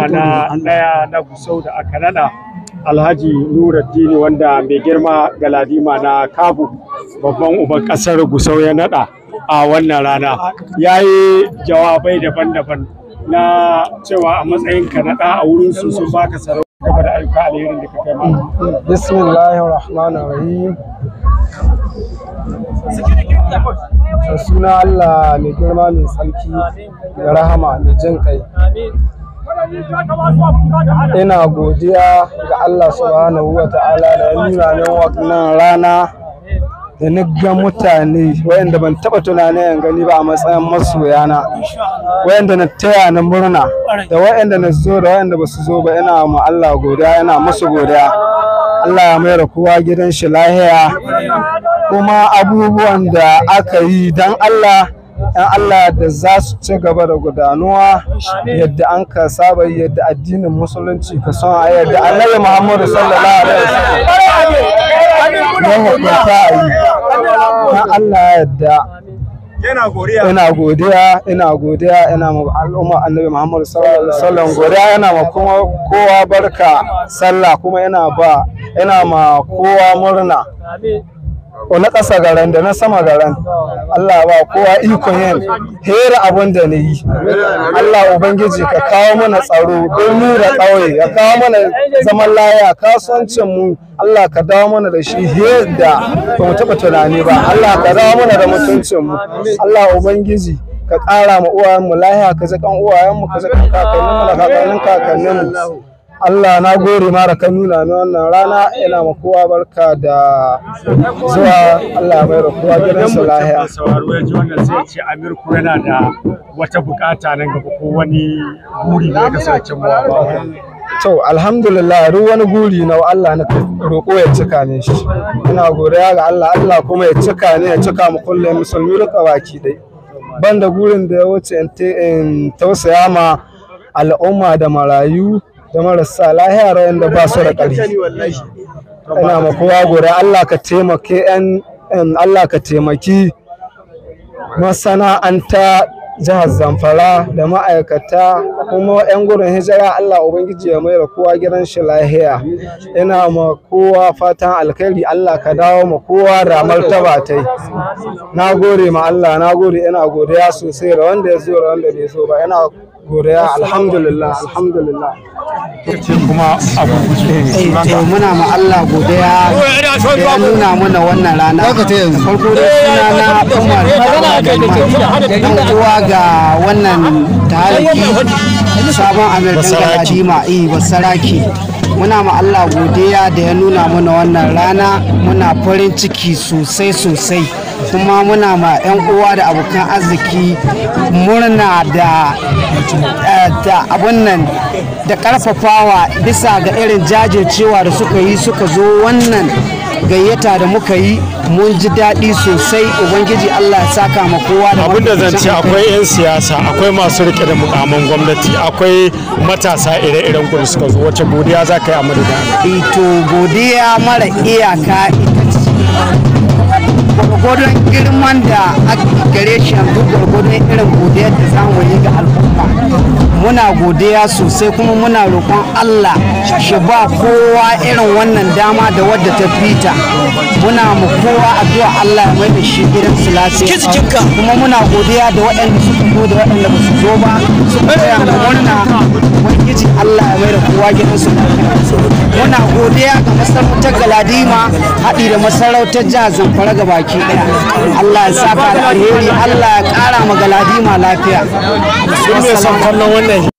na ɗaya na gusau da aka naɗa alhaji nuruddini wanda mai girma galadima na kabu babban uban ƙasar gusau ya nada a wannan rana ya yi jawabai daban-daban na cewa a matsayin ka naɗa a wurin su sun baka sarauta game da ayyuka alherin da ka kai ma. Bismillahir Rahmanir Rahim. Da suna Allah mai girma mai sarki da rahama mai jin kai. ina godiya ga Allah subhanahu wa ta'ala da ya nuna min wannan rana da ni ga mutane wayanda ban taba tunanin yan gani ba a matsayin masoya na. wayanda na taya na murna da wayanda na zo da wayanda ba su zo ba ina ma Allah godiya ina musu godiya Allah ya mayar kowa gidan shi lahiya kuma abubuwan da aka yi dan Allah 'yan Allah da za su ci gaba da gudanuwa yadda an ka saba yadda addinin musulunci ka son a yadda annabi Muhammadu sallallahu alaihi wasallam ya hukunta a yi Allah yadda ina godiya ina godiya ina ma al'umma annabi Muhammadu sallallahu alaihi wasallam godiya ina ma kuma kowa barka sallah kuma ina ba ina ma kowa murna ko na ƙasa garan da na sama garan Allah ba kowa ikon yin hera abin da na yi Allah ubangiji ka kawo mana tsaro don da ƙauye ka kawo mana zaman laya kasuwancin mu Allah ka dawo mana da shi yadda ba mu taɓa tunani ba Allah ka dawo mana da mutuncin mu Allah ubangiji ka ƙara ma uwayenmu lahiya ka zakan uwayenmu ka zakan kakanninmu da kakannin kakanninmu Allah na gore mara kan nuna ni wannan rana ina ma kowa barka da zuwa Allah ya bayar kowa gidan su lahiya. Idan sauraro ya ji wannan sai ce Amir ku yana da wata bukata nan gaba ko wani buri ne ga sarkin mu ba. To alhamdulillah duk wani guri na Allah na roƙo ya cika ne shi. Ina godiya ga Allah Allah kuma ya cika ne ya cika mu kullum musulmi duka baki dai. Banda gurin da ya wuce in tausaya ma al'umma da marayu da marasa lahiya rawan da ba su da ƙarfi ina ma kowa gore Allah ka taimake yan Allah ka taimaki masana'anta jihar Zamfara da ma'aikata kuma 'yan gurin hijira Allah Ubangiji ya mai da kowa gidan shi lahiya ina ma kowa fatan alkhairi Allah ka dawo ma kowa da martaba ta yi na gode ma Allah na ina godiya sosai da wanda ya zo da wanda bai zo ba ina godiya alhamdulillah alhamdulillah kuma abu eh, muna ma Allah godiya da ya nuna mana wannan rana farko eh, da suna na Umar dan uwa ga wannan talaki sabon Amir dan Kadima eh basaraki muna ma Allah godiya da ya nuna mana wannan rana muna farin ciki sosai sosai kuma muna ma 'yan uwa da abokan arziki murna da eh, abun nan da karfafawa bisa ga irin jajircewa da suka yi suka zo wannan gayyata da muka yi mun ji daɗi sosai ubangiji allah ya saka ma kowa da abin da zance akwai 'yan siyasa akwai masu rike da mukaman gwamnati akwai matasa ire-iren kudu suka zo wacce godiya za ka yi a madadin ito godiya mara iyaka ita ce gwargwadon girman da ake gare shi yanzu gwargwadon irin godiya da zamu yi ga al'umma muna godiya sosai kuma muna roƙon allah shi ba kowa irin wannan dama da wadda ta fita muna mu kowa addu'a allah ya da shi irin su kuma muna godiya da waɗanda suka zo da waɗanda ba su zo ba su tsaya murna ubangiji allah ya mayar kowa gidansu su muna godiya ga masarautar galadima haɗi da masarautar jihar zamfara ga baki ɗaya allah ya saka alheri allah ya ƙara ma galadima lafiya sun son kallon wannan